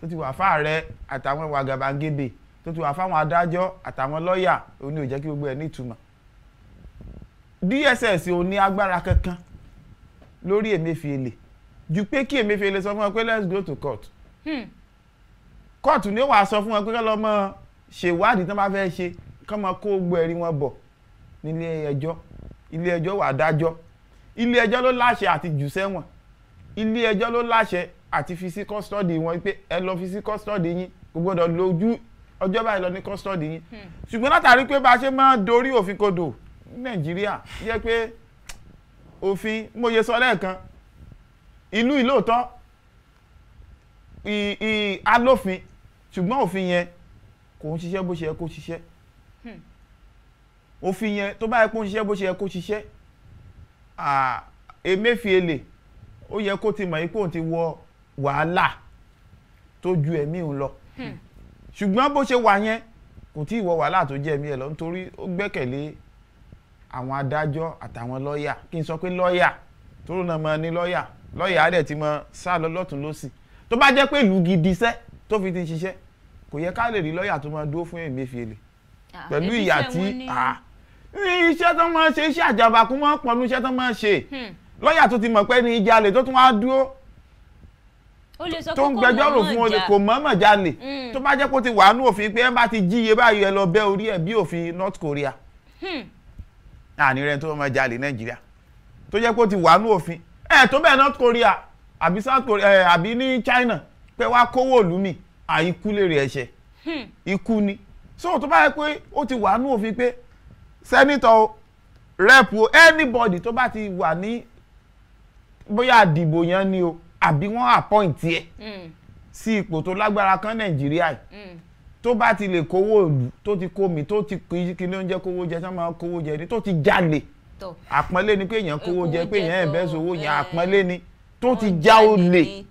tó ti wà fáàrẹ àtàwọn wàgàbàgebè tó ti wà fáwọn adájọ́ àtàwọn lọ́ọ̀yà ó ní ò jẹ́ kí gbogbo ẹ̀ nítumọ̀ DSS ò ní agbára kankan lórí Emefiele ju pé kí Emefiele sọ fún wọn pé let's go to court kóòtù hmm. ni ó wàá sọ fún wọn pé kí lọ́ọ́ mọ ṣèwádìí tán bá fẹ́ ṣe kán mọ kó gbọ́ ẹ̀rí wọn bọ̀ nílé ẹjọ́ ilé ẹjọ́ wàá dájọ́ ilé ẹjọ́ ló láṣẹ àti jù sẹ́wọ̀n ilé ẹjọ́ ló láṣẹ àti fi sí custody wọn pé ẹ lọ fi sí custody yín kò gbọdọ̀ lójú ọjọ́ báyìí lọ ní custody yín hmm. ṣùgbọ́n látàrí pé bá a ṣe máa dorí òfin kodò ní Nàìjíríà yẹ pé òfin mo yẹ sọ lẹ́ẹ̀kan ìlú ìlóòótọ́ alófin ṣùgbọ́n òfin yẹn kò ń ṣiṣẹ́ bó ṣe yẹ kó ṣiṣẹ́ hmm. òfin yẹn tó bá yẹ kó ń ṣiṣẹ́ bó ṣe yẹ kó ṣiṣẹ́ Emefiele ó yẹ kó ti mọ̀ yìí kó ti wọ wàhálà tó ju ẹ̀mí òun lọ hmm. ṣùgbọ́n bó ṣe wà yẹn kò tí ì wọ wàhálà tó jẹ́ ẹ̀mí ẹ̀ lọ nítorí ó gbẹ́kẹ̀lé àwọn adájọ́ àtàwọn lọ́ọ̀yà kí n sọ pé lọ́ọ̀yà tó lóun máa ní lọ́ọ̀yà lọ́ọ̀yà á dẹ̀ ti mọ sá lọ lọ́tún lọ́sì tó bá jẹ́ pé ìlú gidi iṣẹ́ tó fi ti ṣiṣẹ́ kò yẹ ká lè rí lọ́ọ̀yà tó máa dúró fún Emefiele pẹ̀lú ìyà tí iṣẹ́ tó máa ṣe iṣẹ́ àjàbàkú máa pọ̀nú iṣẹ́ tó máa ṣe hmm. lọ́ọ̀yà tó ti mọ̀ pé ní ìjàlè tó tún wá dúró tó ń gbẹjọ́rò fún olè kò mọ̀ọ́mọ̀ jalè hmm. tó bá jẹ́ kó ti wà nú òfin pé ẹ bá ti jíye báyìí ẹ lọ bẹ́ orí ẹ bí òfin North Korea hmm. àní rẹ tó máa jalè Nàìjíríà tó jẹ́ kó ti wà nú òfin ẹ̀ eh, tó bẹ́ẹ̀ North Korea àbí South Korea ẹ̀ eh, àbí ní China pé wá kówó ìlú mi àìkú lèrè ẹ̀ṣẹ̀ hmm. ikú ni so tó bá yẹ pé ó ti wà nú òfin pé sẹ́nitọ̀ rep o anybody tó bá ti wà ní bóyá àdìbò yẹn ni o àbí wọ́n appoint ẹ̀ hmm. sí ipò tó lágbára kan Nàìjíríà yìí hmm. tó bá ti lè kówó ìlú tó ti kó mi tó ti kí ló ń kówó jẹ sọ́mọ́ kówó jẹ ni tó ti jalè àpọ́nlé ni pé èèyàn kówó jẹ pé èèyàn ẹ̀bẹ́ sowó yẹn àpọ́nlé ni tó ti já olè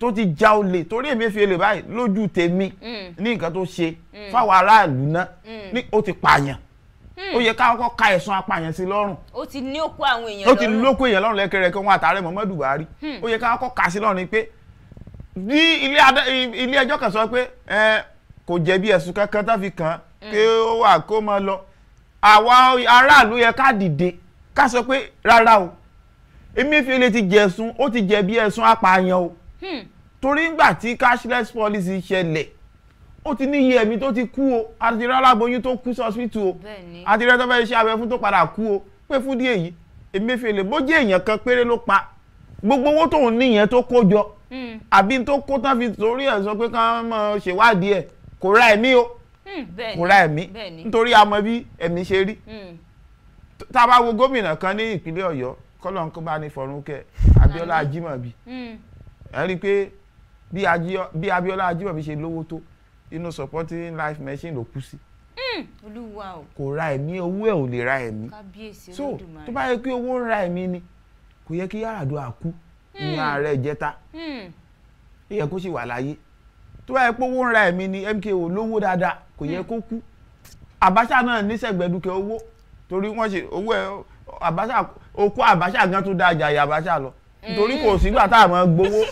tó ti já olè torí Emefiele báyìí lójú tèmi hmm. ní nǹkan tó ṣe hmm. fáwọn aráàlú náà hmm. ní ó ti pààyàn ó yẹ ká kọ́kọ́ ka ẹ̀sùn apààyàn sí lọ́rùn. ó ti ní òkú àwọn èèyàn lọ́rùn. ó ti lókù èèyàn lọ́rùn lẹ́kẹrẹ kí wọ́n àtàrẹ Muhammadu Buhari. ó yẹ ká kọ́kọ́ kà sí lọ́rùn pé bí ilé ẹjọ́ kan sọ pé kò jẹ̀bi ẹ̀sùn kankan tá fi kàn án kí ó wà kó máa lọ àwa aráàlú yẹ ká dìde ká sọ pé rárá o Emefiele ti jẹ̀sùn ó ti jẹ̀bi ẹ̀sùn apààyàn o hmm. torí ngbà tí cashless policy ṣẹlẹ̀ ó ti ní iye ẹ̀mí tó ti kú o àti ráláboyún tó kú sí o àti rẹ́ tó fẹ́ ṣe abẹ fún tó padà kú o pé fún díẹ̀ yìí Emefiele bó jẹ́ èèyàn kan péré ló pa gbogbo owó tóun níyẹn tó kó jọ hmm. àbí tó kó tán fi torí ẹ̀ sọ pé ká máa ṣèwádìí ẹ̀ kò ra ẹ̀mí o hmm, kò ra ẹ̀mí nítorí a bí ẹ̀mí ṣe rí tá a bá wo gómìnà kan ní ìpínlẹ̀ ọ̀yọ́ kọ́lọ́n kó bá ní fọ̀run kẹ́ abiola ajimobi hmm. ẹ rí i pé bí abiola ajimobi ṣe lówó tó inú supporting life machine ló kú sí hmm. kò ra ẹ̀mí owó ẹ̀ ò lè ra ẹ̀mí so tó bá yẹ kí owó ń ra ẹ̀mí ni kò yẹ kí Yar'Adua kú ní hmm. ààrẹ ìjẹta ó yẹ kó sì wà láyé tó bá yẹ pé owó ń ra ẹ̀mí ni MKO lówó dáadáa kò yẹ kó kú Abacha náà níṣẹ̀gbẹ́dúkẹ́ owó torí wọ́n ṣe owó ẹ̀ àbáṣà okó àbáṣà gan tó dáa jàyà àbáṣà lọ mm. nítorí kò sígbà tá a mọ̀ gbowó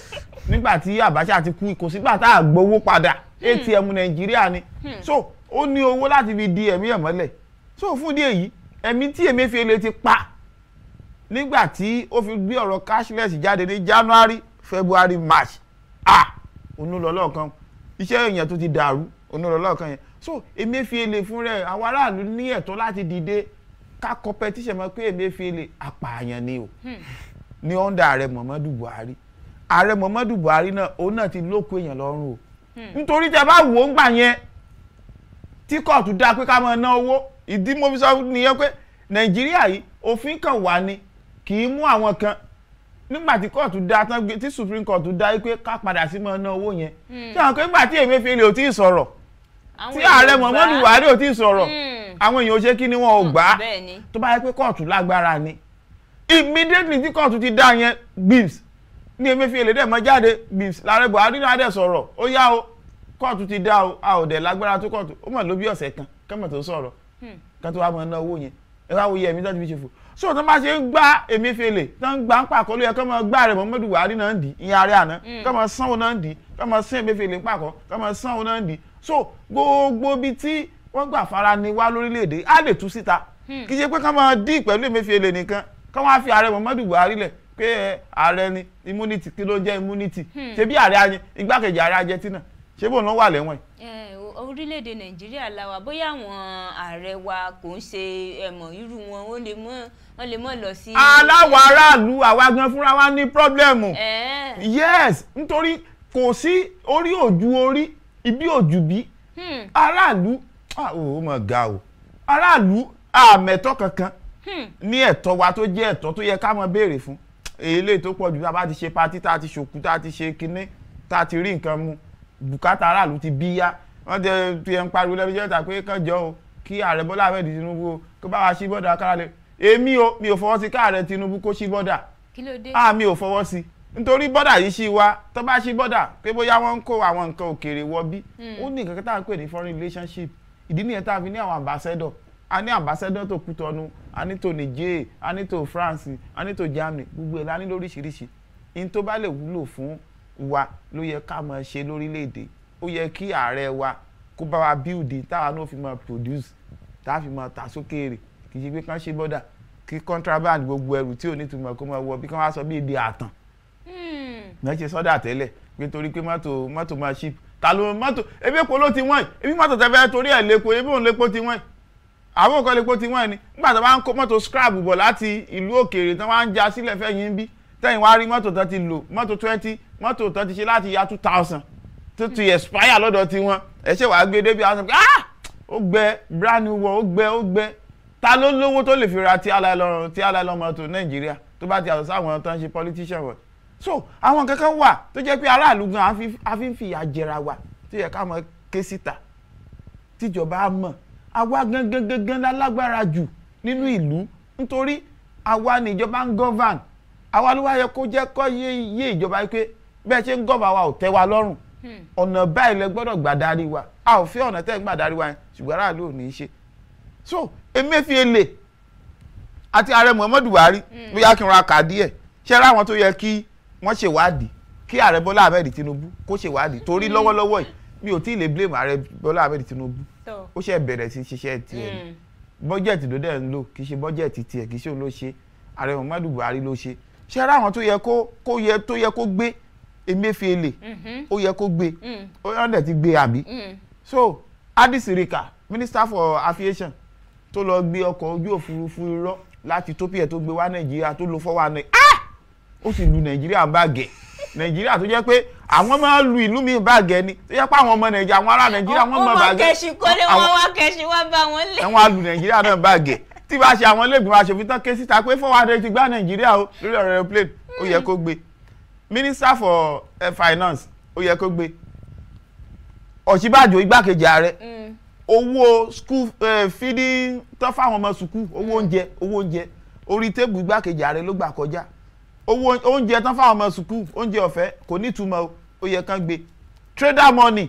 nígbà tí àbáṣà ti kú kò sígbà tá a gbowó padà atm mm. nàìjíríà ni mm. so ó ní owó láti fi di ẹ̀mí ẹ̀ mọ́lẹ̀ so fún díẹ̀ yìí ẹ̀mí tí Emefiele ti pa nígbà tí ó fi gbé ọ̀rọ̀ cashless jáde ní January February March ah onúlọ́lọ́kan iṣẹ́ èèyàn tó ti dàrú onúlọ́lọ́kan yẹn so Emefiele fúnra ẹ̀ àwọn aráàlú ní ẹ̀tọ́ láti dìde ká competition mọ́ pé Emefiele apààyàn ni o hmm. ní ọ́ndà ààrẹ Muhammadu Buhari ààrẹ Muhammadu Buhari náà òun náà ti lóko èèyàn lọ́rùn o hmm. nítorí tẹ bá wò ó ń gbà yẹn tí kóòtù dá pé ká máa ná owó ìdí mo fi sọ nìyẹn pé Nàìjíríà yìí òfin kan wà ni kì í mú àwọn kan nígbà tí kóòtù dá tí Supreme Court dá pé ká padà sí máa ná owó yẹn tí hmm. àwọn pé nígbà tí Emefiele ò tí ì sọ̀rọ̀ tí ààrẹ Muhammadu Buhari ò tí ì sọ̀rọ̀ hmm. àwọn èèyàn ò ṣe kí ni wọn ò hmm, gbà á tó bá yẹ pé kóòtù lágbára ni immediately tí kóòtù ti dá yẹn Gibbs ní Emefiele dẹ̀ mọ́ jáde Gibbs láàrẹ Buhari náà dẹ̀ sọ̀rọ̀ ó yá o kóòtù ti dá o a ò dẹ̀ lágbára tó kóòtù ó mọ̀ ló bí ọ̀sẹ̀ kan kẹ́mọ̀ tó sọ̀rọ̀ hmm. kẹ́tọ́ wa mọ̀ ná owó yẹn ẹ wá wo iye ẹ̀mí tó ti fi ṣòfò so tó bá ṣe ń gbá Emefiele tó ń gbà ń pàkọ́ ló yẹ kó máa gbá rẹ̀ Muhammadu Buhari náà ń dì í ìyá rẹ̀ àná hmm. kó máa sanwó náà ń dì í kó máa sin Emefiele pàkọ́ kó máa sanwó náà ń dì í so gbogbo bíi tí wọ́n gbà fara ni wá lórílẹ̀‐èdè á lè tú síta hmm. kì í ṣe pé kó máa dín pẹ̀lú Emefiele nìkan kó máa fi ààrẹ Muhammadu Buhari lẹ̀ pé ààrẹ ni immunity kí ló jẹ́ immunity hmm. ṣebí ààrẹ ajẹ igbákejì ààrẹ Argentina ṣé orílẹ̀-èdè nàìjíríà la bóyá àwọn ààrẹ wa kò ń ṣe ẹ̀mọ̀ irú wọn ó lè mọ́ wọ́n lè mọ̀ lọ sí. aláwọ̀ aráàlú àwa gan fúnra wa ní pọ́blẹ́mù yes nítorí kò sí orí òjú orí ibi òjú bí hmm. aráàlú ó mà ga o aráàlú àmẹ̀tọ́ kankan hmm. ní ẹ̀tọ́ wa tó jẹ́ ẹ̀tọ́ tó yẹ ká mọ béèrè fún èlé tó pọ̀ jù tá a bá ti ṣe patí tá a ti ṣòkú tá a ti ṣe kinní tá a ti rí nǹkan mu bùkátà aráàlú ti bí yá wọ́n ti ẹ̀ ń pariwo lẹ́nu jẹ́ta pé kàn o kí ààrẹ Bọ́lá Ahmed Tinubu kó bá wa ṣí bọ́dà káràlẹ́ èmi o mi ò fọwọ́ sí káàrẹ Tinubu kó ṣí bọ́dà a ah, mi ò fọwọ́ sí nítorí bọ́dà yìí ṣì wà tó bá ṣí bọ́dà pé bóyá wọ́n ń kó àwọn nǹkan òkèèrè wọ bí hmm. ó ní nǹkan tá à pè ní foreign relationship ìdí nìyẹn tá a fi ní àwọn ambassador a ní ambassador tó Kútọ́nù a ní tó Niger a ní tó France a ní tó Germany gbogbo ẹ̀ la ní lóríṣiríṣi in tó bá lè wúlò fún wa ló yẹ ká máa ṣe lórílẹ̀‐èdè ó yẹ kí ààrẹ wa kó bá wa build táwa náà fi máa produce táwa fi máa tà sókèèrè kì í ṣe pé kán ṣe bọ́dà kí contraband gbogbo ẹrù tí ò ní túmọ̀ kó máa wọ bí kán wá sọ bí èdè àtàn hmm. náà ṣe sọ́dà tẹ́lẹ̀ pé torí pé mọ́tò mọ́tò máa ṣíp ta ló mọ́tò ebi èpo ló ti wọ́n yìí ebi mọ́tò tẹ́fẹ́ torí ẹ̀ lépo ebi òun lépo ti wọ́n yìí àwọn òkọ́ lépo ti wọ́n yìí ni nígbà tó bá ń kó mọ́tò scrap bọ̀ láti ìlú òkèèrè tán wá ń ja sílẹ̀ fẹ́ yín bí tẹ́yìn wá rí mọ́tò tán ti lò mọ́tò twenty mọ́tò tán ti ṣe láti ya two thousand tó ti expire lọ́dọ̀ tiwọn ẹ̀ ṣe wàá gbé débi àwọn sọ pé ah ó gbẹ brand new one ó gbẹ ó gbẹ ta ló lówó tó lè fi ra tí aláìlọ́run tí aláìlọ́mọ tó nàìjíríà tó bá ti àtọ̀ sáwọn tó ń ṣe politician wọ̀ so àwọn kankan wà tó jẹ́ pé aráàlú gan àfi ń fi ìyà jẹra wa tó yẹ ká mọ ké síta tíjọba á mọ̀ àwa gangan gangan lálágbára jù nínú ìlú nítorí àwa ni ìjọba ń govern àwa ló wá yẹ kó jẹ́ kó yé yé ìjọba yìí pé bẹ́ẹ̀ ṣe ń govern wa ò tẹ́ wa lọ́rùn hmm. ọ̀nà báyìí lẹ gbọ́dọ̀ gbà darí wa a ò fẹ́ ọ̀nà tẹ́ gbà darí wa yẹn ṣùgbọ́n aráàlú ò ní í ṣe so Emefiele àti ààrẹ Muhammadu Buhari hmm. bóyá kí n ra kà díẹ̀ ṣe ra àwọn tó yẹ kí wọ́n ṣèwádìí kí ààrẹ Bọ́lá Ahmed Tinubu kó ṣèwádìí torí hmm. lọ́wọ́lọ́wọ́ yìí mi ò tí ì lè blame ààrẹ Bọ́lá Ahmed Tinubu ó ṣe bẹ̀rẹ̀ sí ṣiṣẹ́ tiẹ̀ hmm. bọ́jẹ̀tì ló dẹ̀ ń lò kì í ṣe bọ́jẹ̀tì tiẹ̀ kì í ṣe òun ló ṣe ààrẹ Muhammadu Buhari ló ṣe ṣe ra àwọn tó yẹ kó yẹ tó yẹ kó gbé Emefiele ó yẹ kó gbé ó yẹ ọ́n dẹ̀ ti gbé àbí so Adisirika minister for aviation tó lọ gbé ọkọ̀ ojú òfurufú irọ́ láti Ethiopia tó gbé wá Nàìjíríà tó lọ fọ́wọ́ àná ó sì lu Nàìjíríà bàgẹ́ Nàìjíríà tó jẹ́ pé àwọn máa lu ìlú mi bàgẹ́ ni tó jẹ́ pé àwọn ọmọ Nàìjíríà àwọn ará Nàìjíríà wọ́n mọ bàgẹ́. ọmọ kẹ̀sì kọ́lé wọn wá kẹ̀sì wá bá wọn lé. àwọn alu Nàìjíríà náà bàgẹ́ tí bá ṣe àwọn ilégbìmọ̀ aṣòfin tán ké síta pé fọwọ́ adé ti gbá Nàìjíríà o lórí ọ̀rọ̀ aeroplane ó yẹ kó gbé minister for eh, finance ó yẹ kó gbé Ọ̀ṣínbàjò igbákejì ààrẹ mm owó school eh, feeding tán fáwọn ọmọ sùkú owó oúnjẹ owó oúnjẹ orí tébù igbákejì ààrẹ ló gbà kọjá owó oúnjẹ tán fáwọn ọmọ sùkú oúnjẹ ọ̀fẹ́ kò nítumọ̀ ó yẹ kán gbé trader money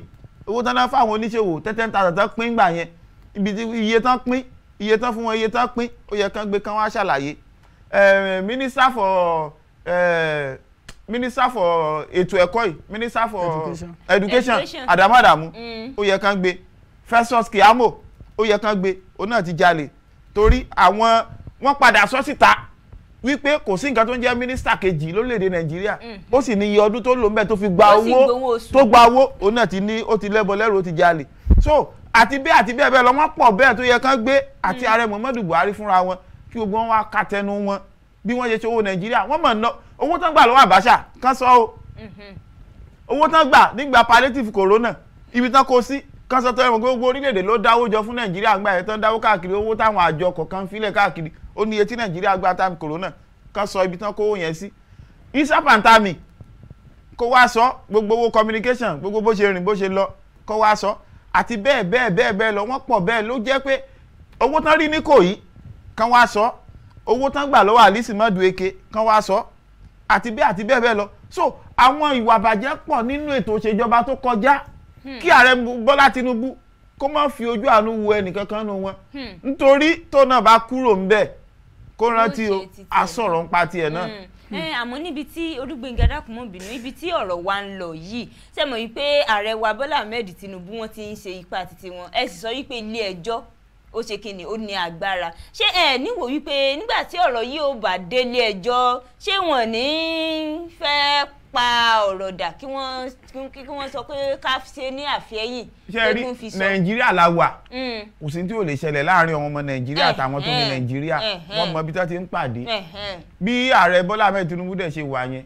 owó tán náà fáwọn oníṣòwò tẹ́tẹ́ ń ta tàtà pín gbà yẹn ibi tí iye tán pín iye tán fún wọn iye tán pín ó yẹ kán gbé kán wá ṣàlàyé eh, minister for eh, minister for ètò ẹ̀kọ́ yìí minister for education, education. Adamu Adamu mm. ó yẹ gbé festus kiyamo ó yẹ kán gbé òun náà ti jalè torí àwọn wọ́n padà sọ síta wípé kò sí nǹkan tó ń jẹ́ mínísítà kejì lórílẹ̀‐èdè nàìjíríà mm. ó sì ní iye ọdún tó lò ń bẹ̀ tó fi gba owó tó gba owó òun náà ti ní ó ti lẹ́bọ lẹ́rù ó ti jalè so àti bẹ́ẹ̀ àti bẹ́ẹ̀ bẹ́ẹ̀ lọ wọ́n pọ̀ bẹ́ẹ̀ tó yẹ kán gbé àti mm. ààrẹ muhammadu buhari fúnra wọn kí gbogbo wọn wá ka tẹnu wọn bí wọ́n ṣe ṣe owó nàìjíríà wọ́n mọ̀ ná owó tán gbà lọ́wọ́ àbáṣà kán sọ o mm-hmm. owó tán gbà nígbà palliative corona ibi tán kó sí kan sọ tọ́lẹ̀ mọ̀ pé gbogbo orílẹ̀-èdè ló dáwó jọ fún nàìjíríà gbà ẹ̀ tán dáwó káàkiri owó táwọn àjọ kọ̀ọ̀kan filẹ̀ káàkiri ó ní iye tí nàìjíríà gba time corona kan sọ ibi tán kówó yẹn sí isa pantami kó wá sọ gbogbo owó communication gbogbo bó ṣe rìn bó ṣe lọ kó wá sọ àti bẹ́ẹ̀ bẹ́ẹ̀ bẹ́ẹ̀ bẹ́ẹ̀ lọ wọ́n pọ̀ bẹ́ẹ̀ ló jẹ́ pé owó tán rí ní kòyí kan wá sọ owó tán gbà lọ́wọ́ àlísì mọ́dù eke kan wá sọ àti bẹ́ẹ̀ àti bẹ́ẹ̀ bẹ́ẹ̀ lọ so àwọn ìwà bàjẹ́ pọ̀ nínú ètò òṣèjọba tó kọjá Hmm. kí ààrẹ Bọ́lá Tinubu kó má fi ojú àánú wo ẹnìkankan nu wọn hmm. nítorí tó náà bá kúrò ń bẹ̀ kó rántí o àsọ̀rọ̀ ń pa tiẹ̀ náà hmm. Eh, àmọ́ níbi tí Olúgbénga dákúnmọ́ bínú ibi tí ọ̀rọ̀ wa ń lọ yìí ṣe mọ̀ wípé ààrẹ wa Bọ́lá Ahmed Tinubu wọn ti ń ṣe ipa títí wọn ẹ sì sọ wípé ilé ẹjọ́ ó ṣe kí ni ó ní agbára ṣé ẹ níwò wípé nígbà tí ọ̀rọ̀ yìí ó bá délé ẹjọ́ ṣé wọ́n ní fẹ́ pa ọ̀rọ̀ dà kí wọ́n sọ pé ká ṣe ní àfẹ́yìn egun fi sọ. nàìjíríà la wà hmm. kò sí tí ò lè ṣẹlẹ̀ láàrin àwọn ọmọ nàìjíríà eh, àtàwọn tó ní eh, nàìjíríà eh, wọ́n mọ ibi tó ti ń pàdé bí ààrẹ bọ́lá ahmed tinubu dẹ̀ ṣe wà yẹn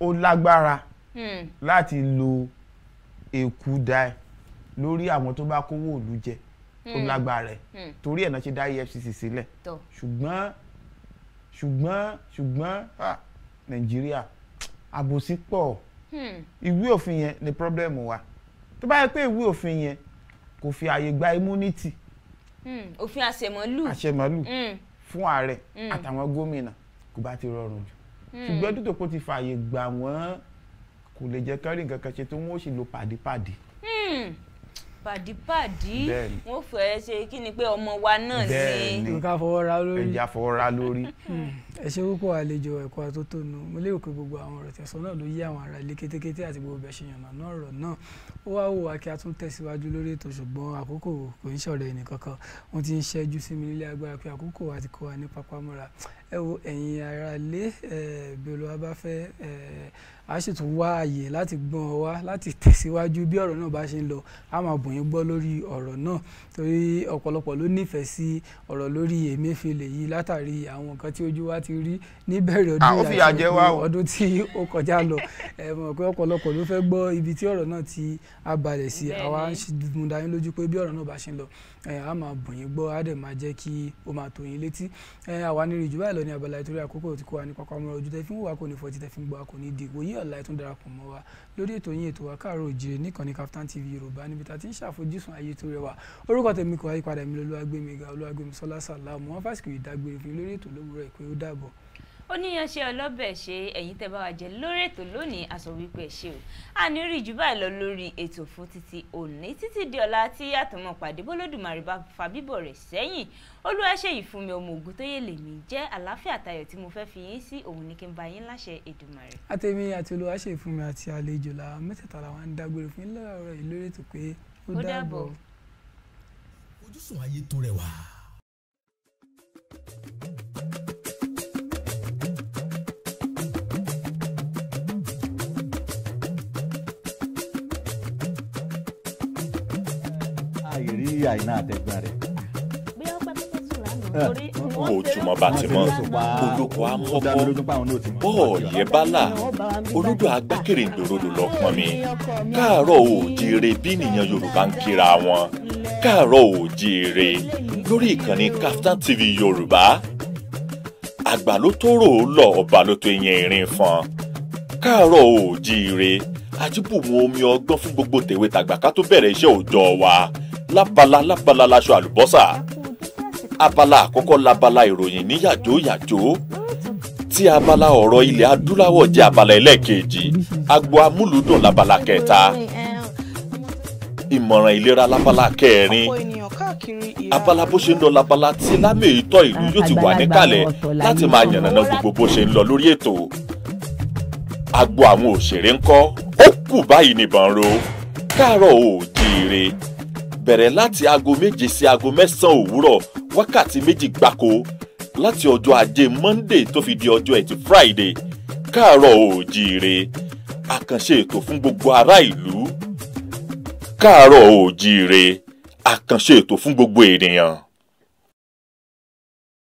ó lágbára hmm. láti lo èkú lórí àwọn tó bá kówó òlu jẹ ó hmm. lágbára rẹ̀ hmm. torí ẹ̀ náà ṣe dá EFCC sílẹ̀ ṣùgbọ́n ṣùgbọ́n ṣùgbọ́n Nàìjíríà àbòsí pọ̀ hmm. ìwé òfin yẹn ni pírọ́blẹ́mù wa tó bá yẹ pé ìwé òfin yẹn kò fi àyè gba immunity òfin àṣẹmọ́lù àṣẹmọ́lù fún ààrẹ àtàwọn gómìnà kò bá ti rọrùn jù ṣùgbọ́n dúdò kó ti fààyè gbà wọ́n kò lè jẹ́ kẹ́rì nǹkan kan ṣe tó wọ́n ó sì lo pàdépàdé pàdípàdí wọn fẹ́ ṣe kí ni pé ọmọ wa náà sí. bẹ́ẹ̀ni nǹkan àfọwọ́ra lórí ẹjẹ àfọwọ́ra lórí. Hmm. ẹ ṣe púpọ̀ àlejò ẹ̀kọ́ àtótónu mo lérò pé gbogbo àwọn ọ̀rọ̀ tẹ̀sán náà ló yé àwọn ará ilé kétékété àti gbogbo bẹ̀ ṣe yànnà náà ọ̀rọ̀ náà ó wá wò wá kí a tún tẹ̀síwájú lórí ètò ṣùgbọ́n àkókò kò ń ṣọ̀rọ̀ ẹnì wọ́n ti ń ṣẹ́jú sí mi nílé agbára pé àkókò àti kọ́ wa ní pápámọ́ra ẹ wo ẹ̀yin ará ilé bí Olúwa bá a sì tún wá àyè láti gbọ́n ọ wá láti tẹ̀síwájú bí ọ̀rọ̀ náà bá ṣe ń lọ a máa bùn yín gbọ́ lórí ọ̀rọ̀ náà torí ọ̀pọ̀lọpọ̀ ló nífẹ̀ẹ́ sí ọ̀rọ̀ lórí Emefiele yìí látàrí àwọn nǹkan tí ojú wa ti rí níbẹ̀rẹ̀ ọdún àti tí ó kọjá lọ ẹ mọ̀ pé ọ̀pọ̀lọpọ̀ ló fẹ́ gbọ́ ibi tí ọ̀rọ̀ náà ti abalẹ̀ sí àwa ń mú dání lójú pé bí ọ̀rọ̀ náà bá ṣe ń lọ a máa bùn yín gbọ́ á dẹ̀ máa jẹ́ kí ó máa tó yín létí àwa ní ìrìjú báyìí lọ ní abala ìtorí àkókò tí kò wá ní pápá mọ́ra ojú tẹ fi ń wà kò ní fọ́ títẹ ń gbọ́ kò ní dìgbò yí ọ̀la ẹ̀tún darapọ̀ mọ́ wa lórí ètò yín ètò wa káàárọ̀ oòjíire níkànnì Kaftan TV Yorùbá níbi tá a ti ń ṣàfojúsùn ayé tó rẹwà orúkọ tèmi kò wáyé padà mi lolúwagbémiga olúwagbémisọ́lá sàlámù wọn fásitì ìdágbére fún lórí ètò lówùúrọ̀ ìpè ó ó ní yanṣẹ ọlọ́bẹ̀ ṣe ẹ̀yin tẹ́ bá wa jẹ lórí ètò lónìí a sọ wípé ẹ o a ní rí jù báyìí lọ lórí ètò fún títí òní títí di ọ̀la tí àtọmọ pàdé bólódùmarè bá fa bíbọ̀ rẹ̀ sẹ́yìn olúwa ṣe ìfúnmi ọmọ ogun tó yẹ lèmi jẹ́ àlàáfíà tayọ̀ tí mo fẹ́ fi yín sí òun ni kí n bá yín láṣẹ Èdùmàrè. àtẹ̀mí àti olúwa ṣe ìfúnmi àti àlejò la mẹ́tẹ̀ẹ̀ta làwọn ń dágbére fún ilé ọ̀rọ̀ yìí lórí ètò ìrí àìná àtẹ̀gbọ́n rẹ̀. bí ó pẹ́ pẹ́ sùn lánàá torí oh, wọ́n ti mọ bá ti mọ olóko amọ́kọ́ bọ́ọ̀lì ẹ̀ bá là olódò agbákèrèǹdòròdò lọ mi káàárọ̀ oòjíire bí nìyẹn Yorùbá ń kíra wọn káàárọ̀ oòjíire lórí ìkànnì Kaftan TV Yorùbá àgbà ló tó rò ó lọ ọba ló tó yẹn ìrìn fọn káàárọ̀ oòjíire àjíbùmọ̀ omi ọgbọ́n fún gbogbo tèwe tàgbà ká tó bẹ̀rẹ̀ iṣẹ́ òòjọ́ wa lábala lábala laṣọ àlùbọ́sà abala àkọ́kọ́ labala ìròyìn ní yàjóyàjó tí abala ọ̀rọ̀ ilẹ̀ adúláwọ̀ jẹ́ abala ẹlẹ́ẹ̀kejì agbo amúlùdùn labala kẹta ìmọ̀ràn ìlera labala kẹrin abala bó ṣe ń lọ labala tí lámì ìtọ́ ìlú yóò ti wà níkàlẹ̀ láti máa yànnàná gbogbo bó ṣe ń lọ lórí ètò agbo àwọn òṣèré ńkọ́ ó kù báyìí nìbọn ro káàárọ̀ oòjíire bẹ̀rẹ̀ láti aago méje sí aago mẹ́sàn-án òwúrọ̀ wákàtí méjì gbáko láti ọjọ́ ajé monday tó fi di ọjọ́ ẹtì friday káàárọ̀ oòjíire àkànṣe ètò fún gbogbo ará ìlú káàárọ̀ oòjíire àkànṣe ètò fún gbogbo ènìyàn.